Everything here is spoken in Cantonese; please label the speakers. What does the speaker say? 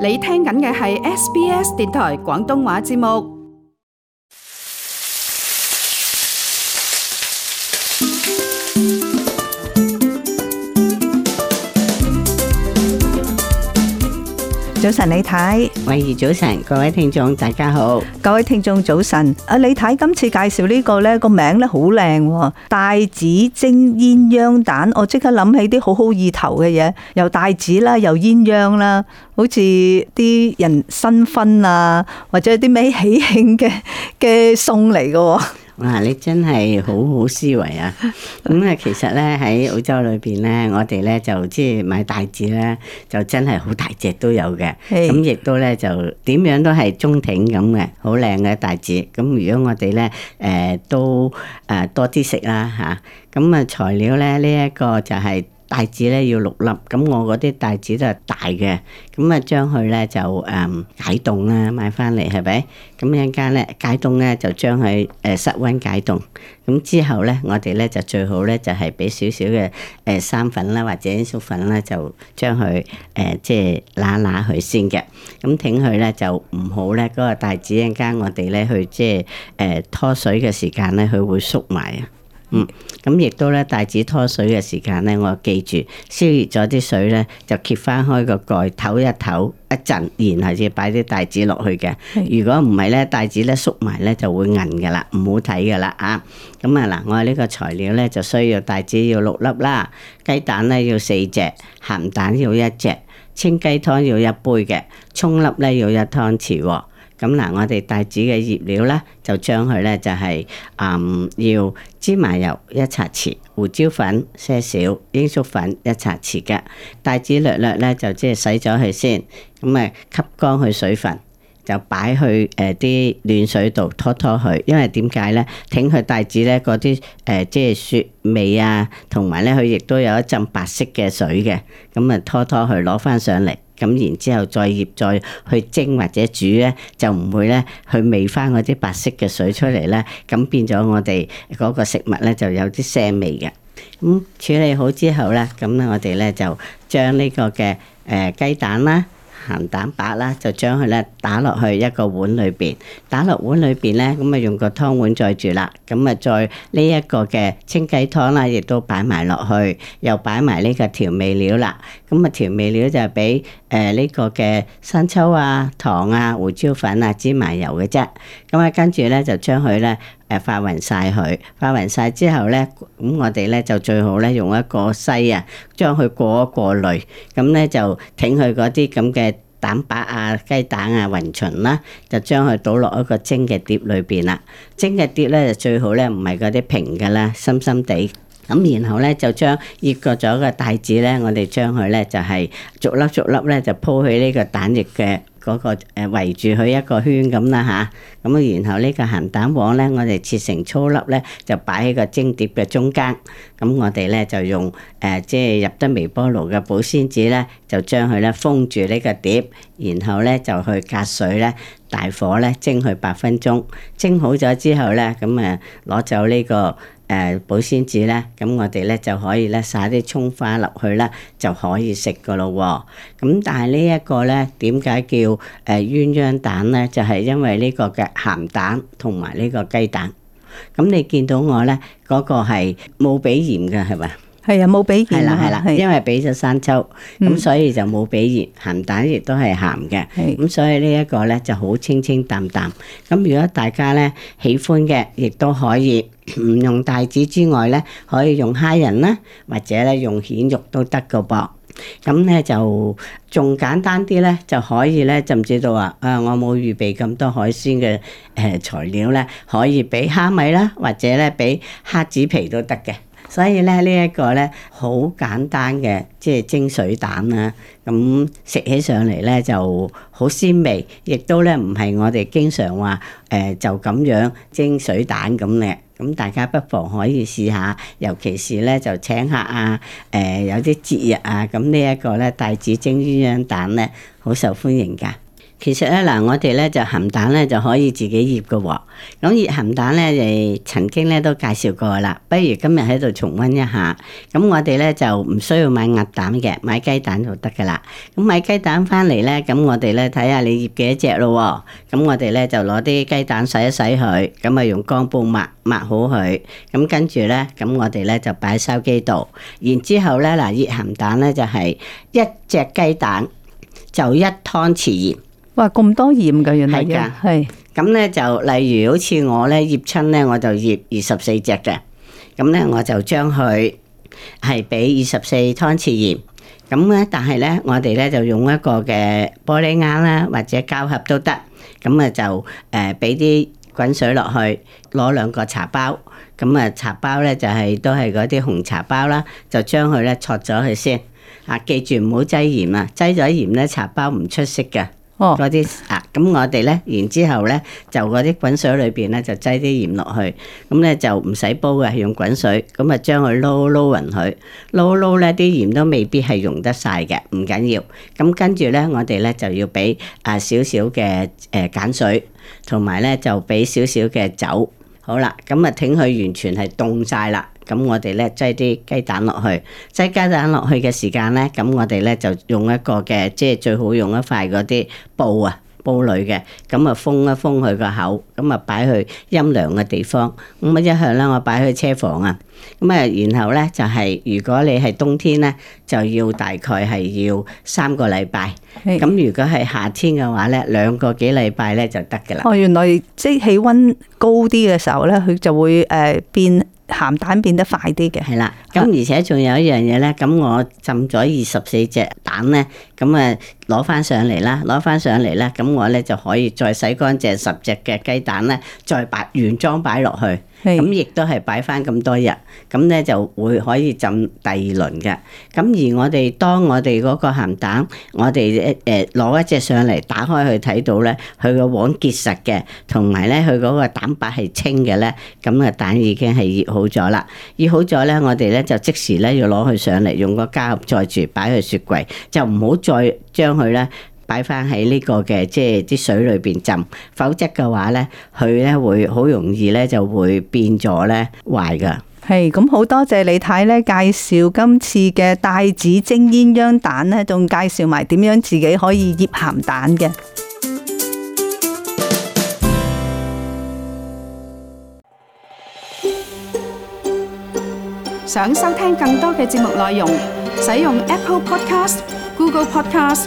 Speaker 1: 你聽緊嘅係 SBS 電台廣東話節目。早晨，李太，慧怡早晨，各位聽眾大家好，各位聽眾早晨，啊，李太今次介紹呢個咧個名咧好靚，帶子蒸鴛鴦蛋，我即刻諗起啲好好意頭嘅嘢，又帶子啦，又鴛鴦啦，好似啲人新婚啊，或者啲咩喜慶嘅嘅餸
Speaker 2: 嚟嘅。哇！你真係好好思維啊！咁、嗯、啊，其實咧喺澳洲裏邊咧，我哋咧就即係買帶子咧，就真係好大隻都有嘅。咁 Hey.、嗯、亦都咧就點樣都係中挺咁嘅，好靚嘅帶子。咁、嗯、如果我哋咧誒都誒、呃、多啲食啦嚇，咁啊、嗯、材料咧呢一、這個就係、是。帶子咧要六粒，咁我嗰啲帶子就係大嘅，咁啊將佢咧就誒解凍啦，買翻嚟係咪？咁一間咧解凍咧就將佢誒、呃、室溫解凍，咁之後咧我哋咧就最好咧就係、是、俾少少嘅誒生粉啦或者粟粉啦，就將佢誒、呃、即係揦揦佢先嘅，咁挺佢咧就唔好咧嗰、那個帶子一間我哋咧去即係誒拖水嘅時間咧佢會縮埋啊。嗯，咁亦都咧，帶子拖水嘅時間咧，我記住燒熱咗啲水咧，就揭翻開個蓋，唞一唞一陣，然後先擺啲帶子落去嘅。的如果唔係咧，帶子咧縮埋咧就會韌㗎喇，唔好睇㗎喇啊！咁、嗯、啊嗱，我呢個材料咧就需要帶子要六粒啦，雞蛋咧要四隻，鹹蛋要一隻，清雞湯要一杯嘅，葱粒咧要一湯匙喎。咁嗱，我哋帶子嘅醃料咧，就將佢咧就係、是，嗯，要芝麻油一茶匙，胡椒粉些少，鷹粟粉一茶匙嘅。帶子略略咧就即係洗咗佢先，咁啊吸乾佢水分，就擺去誒啲、呃、暖水度拖拖佢。因為點解咧？挺佢帶子咧，嗰啲誒即係雪味啊，同埋咧佢亦都有一浸白色嘅水嘅，咁啊拖拖佢，攞翻上嚟。咁然之後再醃再去蒸或者煮咧，就唔會咧去味翻嗰啲白色嘅水出嚟咧。咁變咗我哋嗰個食物咧就有啲腥味嘅。咁、嗯、處理好之後咧，咁咧我哋咧就將呢個嘅誒雞蛋啦。鹹蛋白啦，就將佢咧打落去一個碗裏邊，打落碗裏邊咧，咁啊用個湯碗再煮啦，咁啊再呢一個嘅清雞湯啦，亦都擺埋落去，又擺埋呢個調味料啦，咁啊調味料就俾誒呢個嘅生抽啊、糖啊、胡椒粉啊、芝麻油嘅啫，咁啊跟住咧就將佢咧。誒化勻晒佢，化勻晒之後咧，咁我哋咧就最好咧用一個篩啊，將佢過一過濾，咁咧就挺佢嗰啲咁嘅蛋白啊、雞蛋啊、雲層啦，就將佢倒落一個蒸嘅碟裏邊啦。蒸嘅碟咧就最好咧唔係嗰啲平嘅啦，深深地。咁然後咧就將熱過咗嘅帶子咧，我哋將佢咧就係逐粒逐粒咧就鋪喺呢個蛋液嘅。嗰個誒圍住佢一個圈咁啦吓，咁啊然後呢個鹹蛋黃咧，我哋切成粗粒咧，就擺喺個蒸碟嘅中間。咁我哋咧就用誒、呃、即係入得微波爐嘅保鮮紙咧，就將佢咧封住呢個碟，然後咧就去隔水咧大火咧蒸佢八分鐘。蒸好咗之後咧，咁誒攞走呢、這個。誒、呃，保鮮紙咧，咁我哋咧就可以咧撒啲蔥花落去啦，就可以食噶咯。咁但係呢一個咧，點解叫誒鴛鴦蛋咧？就係、是、因為呢個嘅鹹蛋同埋呢個雞蛋。咁你見到我咧，嗰、那個係冇俾鹽噶，係咪？係啊，冇俾鹽。係啦，係啦，因為俾咗生抽，咁所以就冇俾鹽。鹹蛋亦都係鹹嘅，咁所以呢一個咧就好清清淡淡。咁如果大家咧喜歡嘅，亦都可以唔用帶子之外咧，可以用蝦仁啦，或者咧用蜆肉都得嘅噃。咁咧就仲簡單啲咧，就可以咧，甚至到話啊，我冇預備咁多海鮮嘅誒材料咧，可以俾蝦米啦，或者咧俾蝦子皮都得嘅。所以咧，呢一個咧，好簡單嘅，即係蒸水蛋啦。咁食起上嚟咧，就好鮮味，亦都咧唔係我哋經常話誒就咁樣蒸水蛋咁咧。咁大家不妨可以試下，尤其是咧就請客啊，誒有啲節日啊，咁呢一個咧帶子蒸鴛鴦蛋咧，好受歡迎㗎。其實咧嗱，我哋咧就鹹蛋咧就可以自己醃嘅喎。咁醃鹹蛋咧就曾經咧都介紹過啦，不如今日喺度重溫一下。咁我哋咧就唔需要買鴨蛋嘅，買雞蛋就得噶啦。咁買雞蛋翻嚟咧，咁我哋咧睇下你醃幾多隻咯喎。咁我哋咧就攞啲雞蛋洗一洗佢，咁啊用乾布抹抹好佢。咁跟住咧，咁我哋咧就擺收機度。然之後咧嗱，醃鹹蛋咧就係一隻雞蛋就一湯匙鹽。哇！咁多鹽嘅原嚟嘅，係咁咧就例如好似我咧醃親咧，我就醃二十四隻嘅。咁咧我就將佢係俾二十四湯匙鹽。咁咧，但係咧，我哋咧就用一個嘅玻璃罌啦，或者膠盒都得。咁啊就誒俾啲滾水落去，攞兩個茶包。咁啊茶包咧就係都係嗰啲紅茶包啦，就將佢咧焯咗佢先。啊，記住唔好擠鹽啊！擠咗鹽咧，茶包唔出色嘅。嗰啲、oh. 啊，咁我哋咧，然之後咧，就嗰啲滾水裏邊咧，就擠啲鹽落去，咁、嗯、咧就唔使煲嘅，用滾水，咁啊將佢撈撈勻佢，撈撈咧啲鹽都未必係溶得晒嘅，唔緊要。咁跟住咧，我哋咧就要俾啊少少嘅誒鹼水，同埋咧就俾少少嘅酒。好啦，咁啊挺佢完全係凍晒啦。咁我哋咧，擠啲雞蛋落去，擠雞蛋落去嘅時間咧，咁我哋咧就用一個嘅，即係最好用一塊嗰啲布啊，布類嘅，咁啊封一封佢個口，咁啊擺去陰涼嘅地方，咁啊一向咧我擺去車房啊，咁啊然後咧就係、是、如果你係冬天咧，就要大概係要三個禮拜，咁如果係夏天嘅話咧，兩個幾禮拜咧就得嘅啦。是哦，
Speaker 1: 原來即係氣温高啲嘅時候咧，佢就會誒變。呃鹹蛋變得快啲嘅，
Speaker 2: 係啦。咁而且仲有一樣嘢咧，咁我浸咗二十四隻蛋咧，咁啊攞翻上嚟啦，攞翻上嚟咧，咁我咧就可以再洗乾淨十隻嘅雞蛋咧，再擺原裝擺落去。咁亦都係擺翻咁多日，咁咧就會可以浸第二輪嘅。咁而我哋當我哋嗰個鹹蛋，我哋誒攞一隻上嚟打開去睇到咧，佢個黃結實嘅，同埋咧佢嗰個蛋白係清嘅咧，咁個蛋已經係醃好咗啦。醃好咗咧，我哋咧就即時咧要攞佢上嚟，用個膠盒載住擺去雪櫃，就唔好再將佢咧。擺翻喺呢個嘅，即係啲水裏邊浸，否則嘅話咧，佢咧會好容易咧就會變咗咧壞噶
Speaker 1: 係咁好多謝李太咧介紹今次嘅帶子蒸鴛鴦蛋咧，仲介紹埋點樣自己可以醃鹹蛋嘅。想收聽更多嘅節目內容，使用 Apple Podcast、Google Podcast。